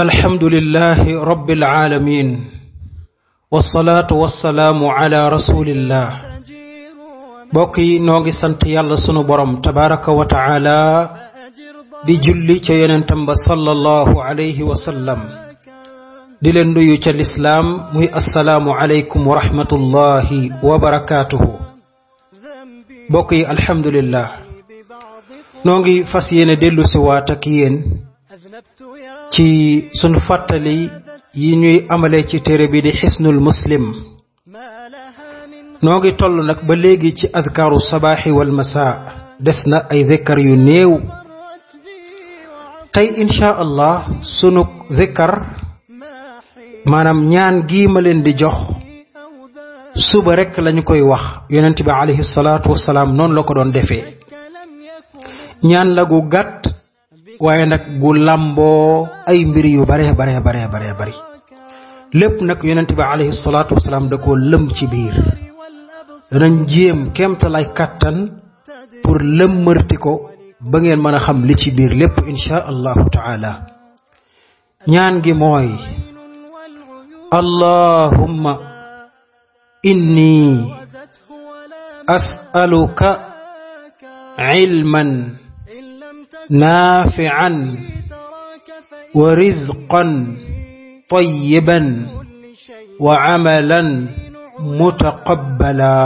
alhamdulillahi rabbil aalamiin wassalaatu wassalaamu ala rasulillah mbokk yi noo ngi sant yàlla sunu borom tabaraka wa taala di julli ca yonentam ba sallallahu alayhi wa sallam di leen nuyu ca lislaam muy assalaamu aleykum wa rahmatullahi wa barakaatuhu mbokk yi alhamdulillah noo ngi fas yéene dellu si waat ak yéen ci sunu fàttali yi ñuy amale ci téere bi di xisnul muslim noo ngi toll nag ba léegi ci adkaaru sabaaxi wal masaa des na ay zikkar yu néew tey insha allah sunu zikkar maanaam ñaan gii ma leen di jox suba rek lañu koy wax yonent bi alayhi salaatu wasalaam noonu la ko doon defee ñaan la gàtt waaye nag gu làmboo ay mbir yu bare bare bare bare bari lépp nag yonent bi alayhi salaatu wasalaam da koo lëm ci biir danañ jéem kéemtalaay kàttan pour lëmmërti ko ba ngeen mën a xam li ci biir lépp insha allahu taala ñaan gi mooy allahumma inni as'aluka ilman نافعا ورزقا طيبا وعملا متقبلا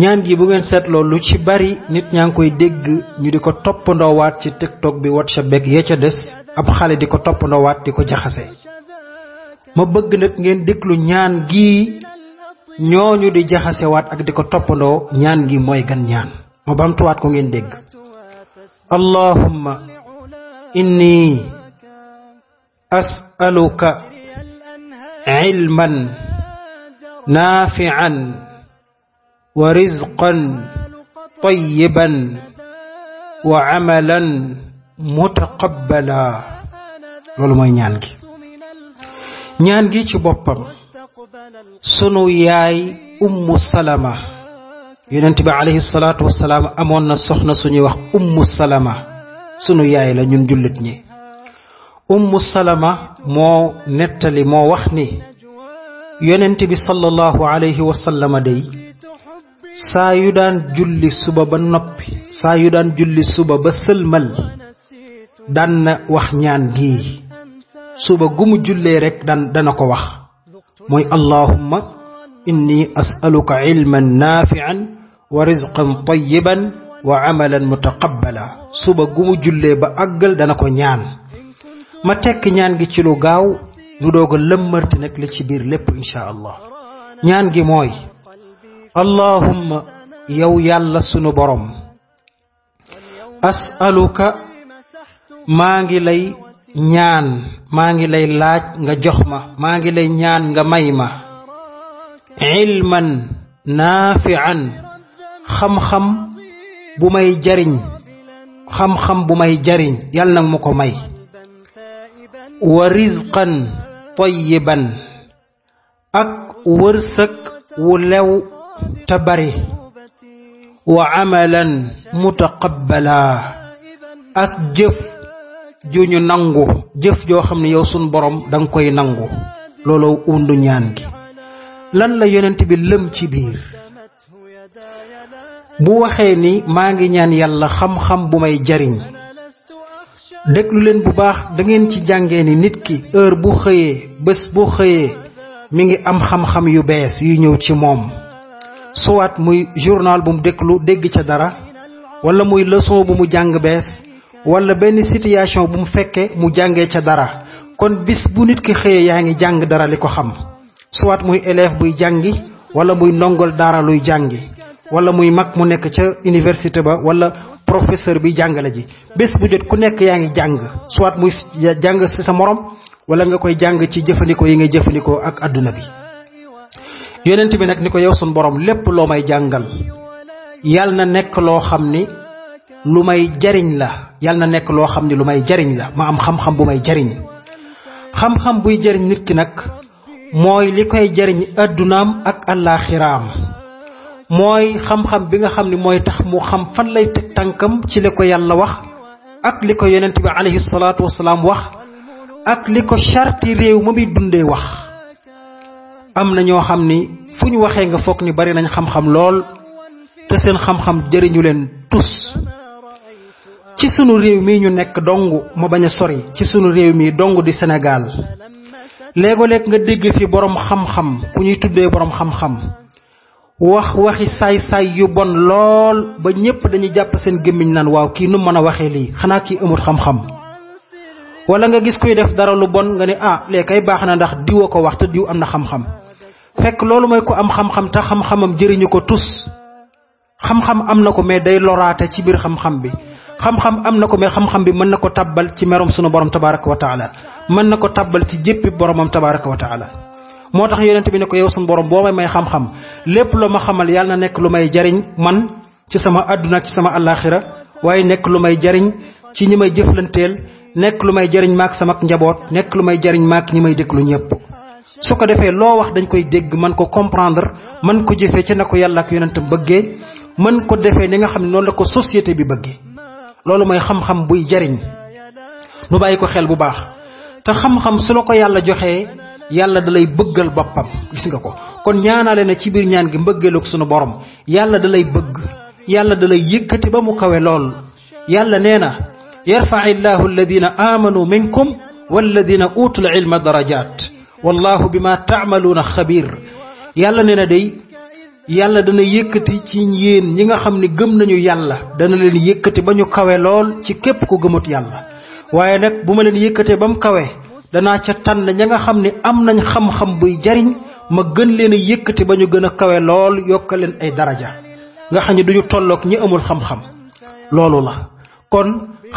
ñaan gi bu ngeen seetloo lu ci bari nit ñaa ngi koy dégg ñu di ko toppandoo waat ci tiktok bi whatsapp beeg ya ca des ab xale di ko toppandoowaat di ko jaxase ma bëgg nag ngeen déglu ñaan gi ñooñu di jaxasewaat ak di ko toppandoo ñaan gi mooy gan ñaan ma bamtuwaat ko ngeen dégg اللهم إني أسألك علما نافعا ورزقا طيبا وعملا متقبلا loolu mooy ñaan gi ñaan gi ci boppam sunu yaay ummu salama yonent bi salaatu wasalaam amoon na soxna suñuy wax ummu salama sunu yaay la ñun jullit ñi ummu salaama moo nettali moo wax ni yonent bi sallallahu alayhi wa saa yu daan julli suba ba noppi saa yu daan julli suba ba sëlmal daan na wax ñaan gi suba gu mu jullee rekk dana ko wax mooy allahumma inni as'aluka ilman naafi'an wa rizqan tayyiban wa amalan mutaqabbala suba gu mu jullee ba àggal dana ko ñaan ma tekk ñaan gi ci lu gaaw nu doog a lëmmarti nag ci biir lépp insha allah ñaan gi mooy allahumma yow yàlla sunu borom as'aluka maa ngi lay ñaan maa ngi lay laaj nga jox ma maa ngi lay ñaan nga may ma ilman naafi'an xam-xam bu may jariñ xam-xam bu may jariñ yàlla nag mu ko may wa rizqan tayyiban ak wërsëg wu lew te bari wa amalan mutaqabbala ak jëf ju ñu nangu jëf joo xam ne yow sun borom danga koy nangu looloo undu ñaan gi lan la yonent bi lëm ci biir bu waxee ni maa ngi ñaan yàlla xam-xam bu may jariñ déglu leen bu baax da ngeen ci jàngee ni nit ki heure bu xëyee bés bu xëyee mi ngi am xam-xam yu bees yu ñëw ci moom soit muy journal bu mu déglu dégg ca dara wala muy leçon bu mu jàng bees wala benn situation bu mu fekkee mu jàngee ca dara kon bis bu nit ki xëyee yaa ngi jàng dara li ko xam soit muy élève buy jàngi wala muy ndongol dara luy jàngi wala muy mag mu nekk ca université ba wala professeur bi jàngale ji bés bu jot ku nekk yaa ngi jàng soit muy jàng ci sa morom wala nga koy jàng ci jëfandikoo yi ngay jëfandikoo ak àdduna bi yonent bi nag ni ko yow sunu borom lépp loo may jàngal yal na nekk loo xam ni lu may jariñ la yal na nekk loo xam ni lu may jariñ la ma am xam-xam bu may jariñ xam-xam buy jariñ nit ki nag mooy li koy jariñ àddunaam ak àllaaxiraam mooy xam-xam bi nga xam ni mooy tax mu xam fan lay teg tànkam ci li ko yàlla wax ak li ko yonent bi alayhi salaatu wasalaam wax ak li ko charti réew ma muy dundee wax am na ñoo xam ni fu ñu waxee nga foog ni bari nañ xam-xam lool te seen xam-xam jëriñu leen tus ci sunu réew mii ñu nekk dong ma bañ a sori ci sunu réew mii dong di Sénégal léegoo nga dégg fi borom xam-xam ku ñuy tuddee borom xam-xam wax waxi saay-saay yu bon lool ba ñépp dañuy jàpp seen gémmiñ naan waaw kii nu mën a waxee lii xanaa kii amut xam-xam wala nga gis kuy def dara lu bon nga ne ah lee ay baax na ndax diw a ko wax te diw am na xam-xam fekk loolu mooy ko am xam-xam te xam-xamam jëriñu ko tus xam-xam am na ko mais day loraate ci biir xam-xam bi xam-xam am na ko mais xam-xam bi mën na ko tàbbal ci merom sunu borom tabaraka wa taala mën na ko tàbbal ci jéppi boromam tabaraka wa taala moo tax yonent bi ne ko yow suñu borom boo may may xam-xam lépp lu ma xamal yàlla na nekk lu may jariñ man ci sama àdduna ci sama àllaaxira waaye nekk lu may jariñ ci ñi may jëflanteel nekk lu may jariñ maak sama njaboot nekk lu may jariñ maak ñi may déglu ñëpp su ko defee loo wax dañ koy dégg man ko comprendre man ko jëfee ci na ko yàlla ak yonentam bëggee mën ko defee ni nga xam ne noonu la ko société bi bëggee loolu mooy xam-xam buy jariñ ko xel bu baax te ko yàlla joxee yàlla da lay bëggal boppam gis nga ko kon ñaanale na ci biir ñaan gi mbëggeelu sunu borom yàlla da lay bëgg yàlla da lay yëkkati ba mu kawe lool yàlla nee na yarfaci llaahu alladina aamanu minkum walladina utul ilma darajat wallahu bima taamaluuna xabir yàlla nee na day yàlla dana yëkkati ci yéen ñi nga xam ni gëm nañu yàlla dana leen yëkkati ba ñu kawe lool ci képp ku gëmut yàlla waaye nag bu ma leen yëkkatee ba mu kawe danaa ca tànn ña nga xam ne am nañ xam-xam buy jariñ ma gën leen a yëkkati ba ñu gën a kawe lool yokk leen ay daraja nga xam ne duñu tolloog ñi amul xam-xam loolu la kon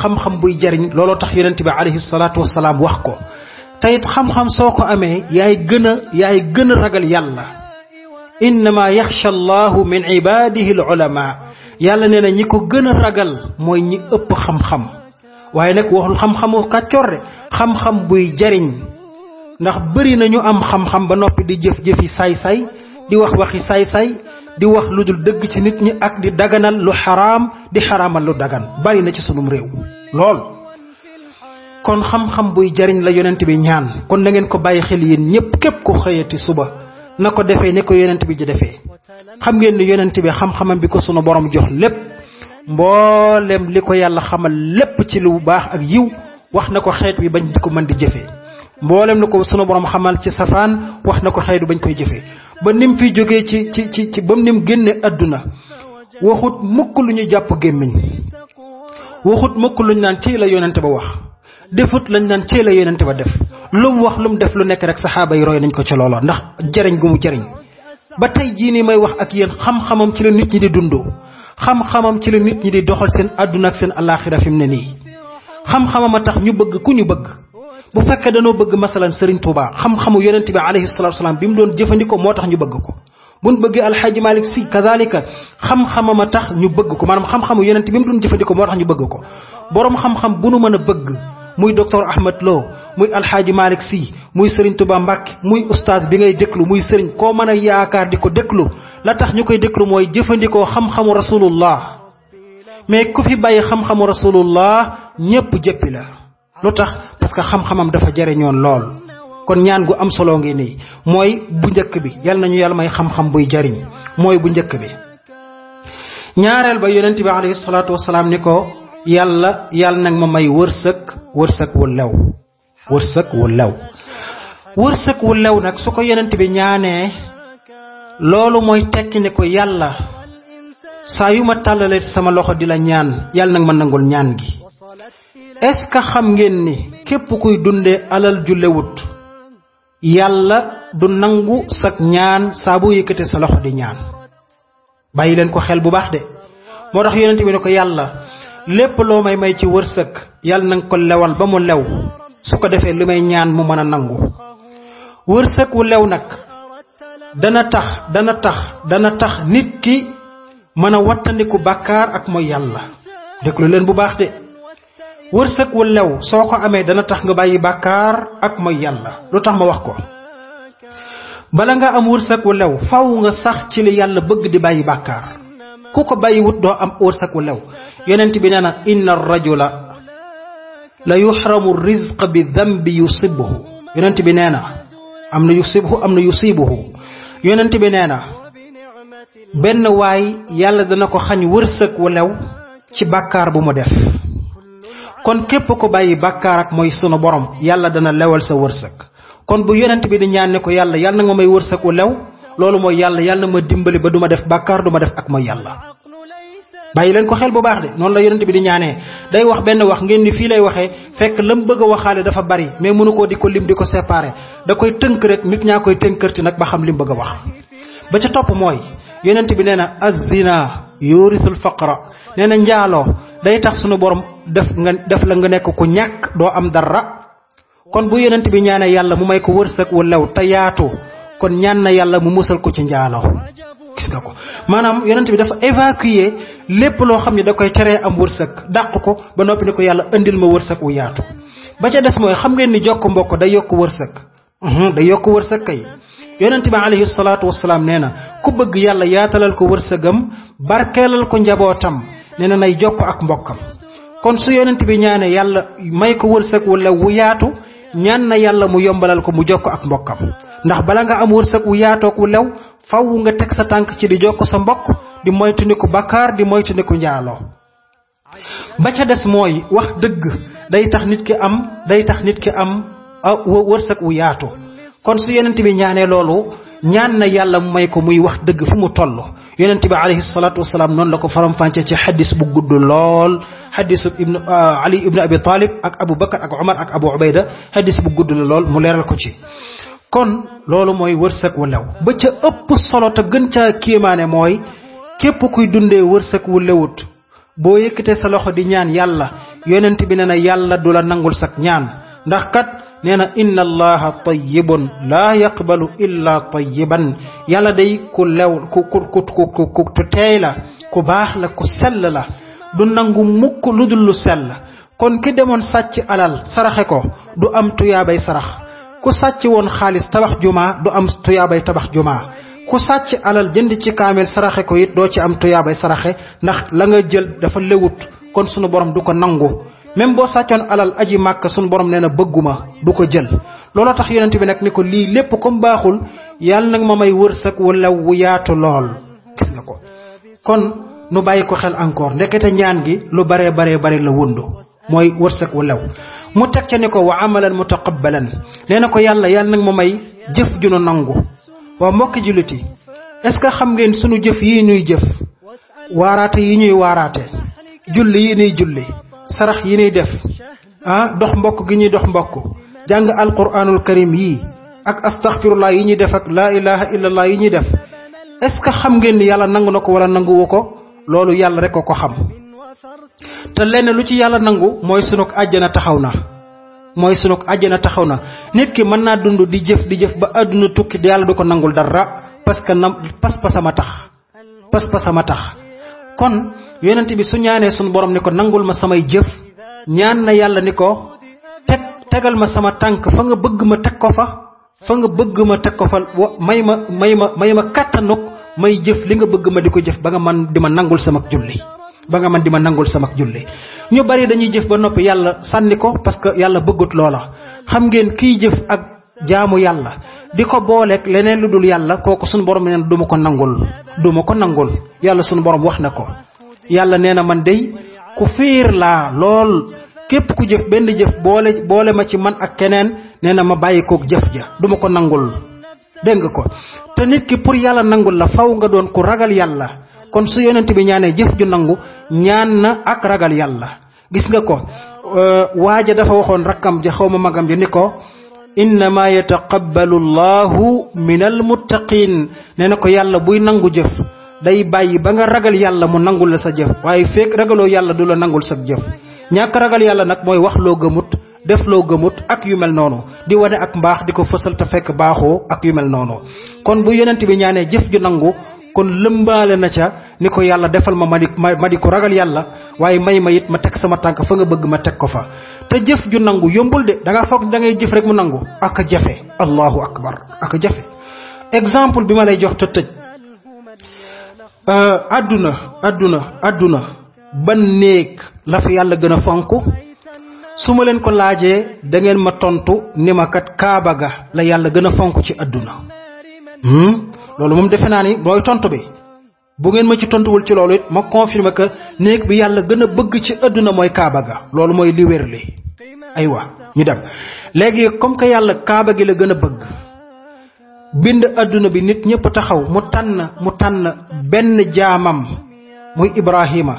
xam-xam buy jariñ looloo tax yonent bi alayhi salaatu wasalaam wax ko teyit xam-xam soo ko amee yaay gën a yaay gën a ragal yàlla innama yaxsha allahu min ibadihi al ulama yàlla nee na ñi ko gën a ragal mooy ñi ëpp xam-xam waaye nag waxul xam-xamu kàccoor de xam-xam buy jariñ ndax bëri nañu am xam-xam ba noppi di jëf-jëfi saay-saay di wax waxi saay-saay di wax lu dul dëgg ci nit ñi ak di daganal lu xaraam di xaraamal lu dagan bari na ci sunum réew lool kon xam-xam buy jariñ la yonent bi ñaan kon na ngeen ko bàyyi xel yéen ñëpp képp ku xëyati suba na ko defee ne ko yonent bi ji defee xam ngeen ni yonent bi xam-xamam bi ko sunu borom jox lépp mboolem li ko yàlla xamal lépp ci lu baax ak yiw wax na ko xeet wi bañ ko mën di jëfee mboolem li ko sunu borom xamal ci safaan wax na ko xeet wi bañ koy jëfee ba nim fi jógee ci ci ci ci ba nim génne àdduna waxut mukk lu ñu jàpp gémmiñ waxut mukk luñ naan ci la yonente ba wax defut lañ naan ci la yonente ba def lu wax lu mu def lu nekk rek saxaaba yi roy nañ ko ci looloo ndax jëriñ gu mu jëriñ ba tey jii nii may wax ak yéen xam-xamam ci la nit di dundoo xam-xamam ci la nit ñi di doxal seen àdduna ak seen alaaxira fi mu ne nii xam-xamam a tax ñu bëgg ku ñu bëgg bu fekkee danoo bëgg masalan Serigne Touba xam-xamu yonent bi alayhi salaatu wasalaam bi mu doon jëfandikoo moo tax ñu bëgg ko buñ bëggee alxaaji malik si kazalika xam-xamam a tax ñu bëgg ko maanaam xam-xamu yonent bi mu doon jëfandikoo moo tax ñu bëgg ko boroom xam-xam bu nu mën a bëgg muy docteur Ahmed loo muy alxaaji Malick Sy muy Serigne Touba Mbacke muy oustaz bi ngay déglu muy Serigne koo mën a yaakaar di ko déglu la tax ñu koy déglu mooy jëfandikoo xam-xamu rasulullah mais ku fi bàyyi xam-xamu rasulullah ñépp jëppi la lu tax parce que xam-xamam dafa jariñoon lool kon ñaan gu am solo ngi nii mooy bu njëkk bi yal nañu yàlla may xam-xam buy jariñ mooy bu njëkk bi ñaareel ba yonent bi alayhi salaatu wasalaam ni ko yàlla yàlla nag ma may wërsëg wërsëg wu lew wërsëg wu lew wërsëg lew nag su ko yenent bi ñaanee loolu mooy tekki ne ko yàlla saa yu ma tàllalee sama loxo di la ñaan yàlla nag ma nangul ñaan gi est-ce que xam ngeen ni képp kuy dunde alal ju yàlla du nangu sag ñaan saa boo yëkkatee sa loxo di ñaan bàyyi leen ko xel bu baax de moo tax yonent bi ne ko yàlla lépp loo may may ci wërsëg yàlla na nga ko lewal ba mu lew su ko defee li may ñaan mu mën a nangu wërsëg wu lew nag dana tax dana tax dana tax nit ki mën a wattandiku bàkkaar ak mooy yàlla déglu leen bu baax de wërsëg wu lew soo ko amee dana tax nga bàyyi bàkkaar ak mooy yàlla lu tax ma wax ko bala nga am wërsëg wu lew faw nga sax ci li yàlla bëgg di bàyyi bàkkaar ku ko bàyyiwut doo am wërsëg wu lew yonent bi nee na inna rajula la yuxramu rizq bi dambi yusibuhu yonent bi nee na am na yusibuhu am na yusibuhu yonent bi nee na benn waay yàlla dana ko xañ wërsëg wu lew ci bàkkaar bu mu def kon képp ko bàyyi bàkkaar ak mooy sunu borom yàlla dana lewal sa wërsëg kon bu yonent bi di ñaan ne ko yàlla yàlla na nga may wërsëg wu lew loolu mooy yàlla yàlla ma dimbali ba duma def bàkkaar du ma def ak mooy yàlla bàyyi leen ko xel bu baax de noonu la yonent bi di ñaanee day wax benn wax ngeen ni fii lay waxee fekk lam bëgg a waxaale dafa bari mais mënu koo di ko lim di ko séparé da koy tënk rek nit ñaa koy tënkërti nag ba xam lim bëgg a wax ba ca topp mooy yeneent bi nee na azina yurisul faqra nee na njaaloo day tax sunu borom def nga def la nga nekk ku ñàkk doo am dara kon bu yonent bi ñaanee yàlla mu may ko wërsëg wu lew te yaatu kon ñaan na yàlla mu musal ko ci njaaloo gis ko maanaam yonent bi dafa évacuer lépp loo xam ne da koy teree am wërsëg daq ko ba noppi ne ko yàlla indil ma wërsëg wu yaatu ba ca des mooy xam ngeen ni jokk mbokk day yokk wërsëg mhm, day yokk wërsëg kay yonent bi alayhi salaatu wasalaam nee na ku bëgg yàlla yaatalal ko wërsëgam barkeelal ko njabootam ne na nay jokk ak mbokkam kon su yonent bi ñaane yàlla may ko wërsëg wala wu yaatu ñaan na yàlla mu yombalal ko mu jokk ak mbokkam ndax bala nga am wërsëg wu yaatoo ko lew faw nga teg sa tànk ci di jokk sa mbokk di moytandiku bakkaar di moytandiku njaaloo ba ca des mooy wax dëgg day tax nit ki am day tax nit ki am wërsëg wu yaatu kon su yonent bi ñaanee loolu ñaan na yàlla mu may ko muy wax dëgg fu mu toll yonent bi alayhi salaatu wasalaam noonu la ko faram-fàccee ci xaddis bu gudd lool xaddis ibn uh, ali ibn abi talib ak abu bakar ak omar ak abu ubayda xaddis bu gudd la lool mu leeral ko ci kon loolu mooy wërsëg wu lew ba ca ëpp solo ta gën ca kéemaane mooy képp kuy dundee wërsëg wu lewut boo yëkkatee sa loxo di ñaan yàlla yonent bi ne na yàlla du la nangul sag ñaan ndax kat nee na inna allaha tayyibun laa yaqbalu illa tayyiban yàlla day ku lew ku ku ku teey la ku baax la ku sell la du nangu mukk lu dul lu sell kon ki demoon sàcc alal saraxe ko du am tuyaabay sarax ku sàcc woon xaalis tabax jumaa du am tuyaabay tabax jumaa ku sàcc alal jënd ci kaamel saraxe ko it doo ci am tuyaabay saraxe ndax la nga jël dafa lewut kon sunu borom du ko nangu même boo sàccoon alal aji màkk suñu borom nee na bëgguma du ko jël looloo tax yonent bi nag ni ko lii lépp comme baaxul yàlla nag ma may wërsëg lew wu yaatu lool ko kon nu bàyyi ko xel encore ndekete ñaan gi lu baree baree bari la wundu mooy wërsëg wu lew mu teg ca ni ko wa amalan mutaqabbalan nee na ko yàlla yàlla nag ma may jëf ju nu nangu waa mbokki jullit yi est ce que xam ngeen sunu jëf yi ñuy jëf waaraate yi ñuy waaraate julli yi ñuy julli sarax yi nuy def ah dox mbokk gi ñuy dox mbokk jàng alquranul karim yii ak astaxfirullah yi ñuy def ak laa ilaha illallah yi ñuy def est ce que xam ngeen ni yàlla nangu na ko wala nanguwu ko loolu yàlla rek a ko xam te lenn lu ci yàlla nangu mooy sunug àjjana taxaw na mooy sunug ajjana taxaw na nit ki mën naa dund di jëf di jëf ba àdduna tukki yàlla du ko nangul dara parce que na pas pasama tax pas pasama tax kon yonent bi su ñaanee suñu borom ni ko nangul ma samay jëf ñaan na yàlla ni ko teg tegal ma sama tànk fa nga bëgg ma teg ko fa fa nga bëgg ma teg ko fa may ma may ma may ma kàttanuk may jëf li nga bëgg ma di ko jëf ba nga man di ma nangul sama julli ba nga man di ma nangul sama julli ñu bari dañuy jëf ba noppi yàlla sànni ko parce que yàlla bëggut loola xam ngeen kiy jëf ak jaamu yàlla di ko booleeg leneen lu dul yàlla kooku suñu borom nee na ko nangul duma ko nangul yàlla suñu boroom wax na ko yàlla nee na man dey ku fiir laa lool képp ku jëf benn jëf boole boole ma ci man ak keneen nee na ma bàyyi kook jëf ja duma ko nangul dégg nga ko te nit ki pour yàlla nangul la faw nga doon ku ragal yàlla kon su yonent bi ñaanee jëf ju nangu ñaan na ak ragal yàlla gis nga ko waa ja dafa waxoon rakkam ja xaw ma magam ja ni ko innama yataqabbalu llahu min almuttaqin nee na ko yàlla buy nangu jëf day bàyyi ba nga ragal yàlla mu nangul la sa jëf waaye fekk ragaloo yàlla du la nangul sa jëf ñàkk ragal yàlla nag mooy wax loo gëmut def loo gëmut ak yu mel noonu di wane ak mbaax di ko fësal te fekk baaxoo ak yu mel noonu kon bu yonent bi ñaanee jëf ju nangu kon lëmbaale na ca ni ko yàlla defal ma ma di ma di ko ragal yàlla waaye may ma it ma teg sama tànk fa nga bëgg ma teg ko fa te jëf ju nangu yombul de danga foog dangay jëf rek mu nangu ak jafe allahu akbar ak jafe exemple bi ma lay jox te tëj euh, adduna àdduna adduna ban néeg la fa yàlla gën a fonk su ma leen ko laajee da ngeen ma tontu ni ma kat kaaba ga la yàlla gën a fonk ci adduna hmm? loolu moom defe naa ni mooy tontu bi bu ngeen ma ci tontuwul ci loolu it ma confirmer que néeg bi yàlla gën a bëgg ci àdduna mooy kaaba ga loolu mooy li wér li aywa ñu dem léegi comme que yàlla kaaba gi la gën a bëgg bind àdduna bi nit ñëpp taxaw mu tànn mu tànn benn jaamam muy Ibrahima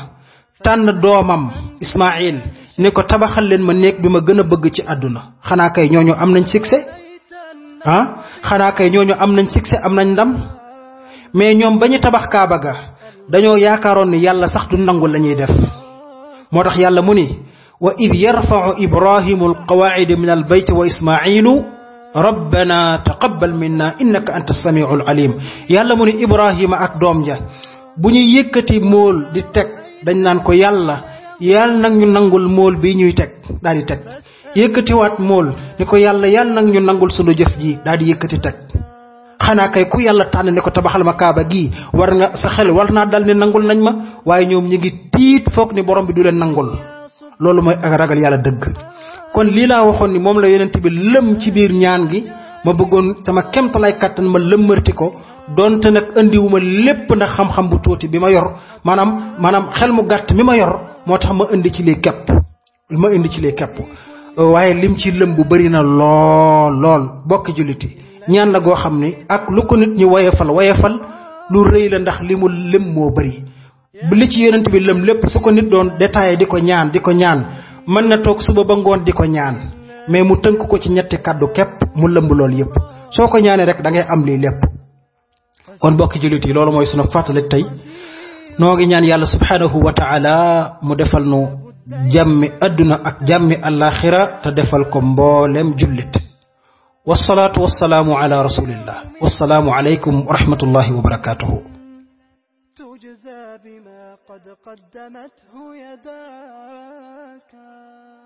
tànn doomam Ismaïl ne ko tabaxal leen ma néeg bi ma gën a bëgg ci àdduna xanaa kay ñooñu am nañ succès ah xanaa kay ñooñu am nañ succès am nañ ndam mais ñoom ba ñu tabax kaaba ga dañoo yaakaaroon ni yàlla sax du nangu la ñuy def moo tax yàlla mu ni wa id yarfau ibrahimu alqawaacida min albayti wa ismailu rabbana taqabbal minna innaka anta samiu alalim yàlla mu ni ibrahima ak doom ja bu ñuy yëkkati mool di teg dañ naan ko yàlla yàlla nag ñu nangul mool bi ñuy teg daal di teg yëkkatiwaat mool ni ko yàlla yàlla nag ñu nangul sunu jëf ji daal di yëkkati teg xanaa kay ku yàlla tànn ne ko tabaxal ma kaaba gii war nga sa xel war naa dal ne nangul nañ ma waaye ñoom ñu ngi tiit foog ni borom bi du leen nangul loolu mooy ak ragal yàlla dëgg kon lii laa waxoon ni moom la yonent bi lëm ci biir ñaan gi ma bëggoon sama kemtalaay kàttan ma lëmmërti ko donte nag andiwuma lépp ndax xam-xam bu tuuti bi ma yor maanaam maanaam xel mu gàtt mi ma yor moo tax ma indi ci lii képp ma indi ci lii képp waaye lim ci lëmb bëri na lool lool bokki julliti ñaan la goo xam ni ak lu ko nit ñi woyefal woyefal lu rëy la ndax li mu lëm moo bari li ci yonent bi lëm lépp su ko nit doon détaillé di ko ñaan di ko ñaan mën na toog suba ba ngoon di ko ñaan mais mu tënk ko ci ñetti kàddu képp mu lëmb lool yëpp soo ko ñaanee rek da ngay am lii lépp kon bokki jullit yi loolu mooy sunu fàttali tey noo ngi ñaan yàlla subhanahu wa taala mu defal nu jàmmi àdduna ak jàmmi àllaaxira te defal ko mboolem jullit wasalaatu wasalaamu ala rasulillah wasalaamu aleykum wa rahmatullahi wa barakaatuhu تجزى بما قد قدمته يداك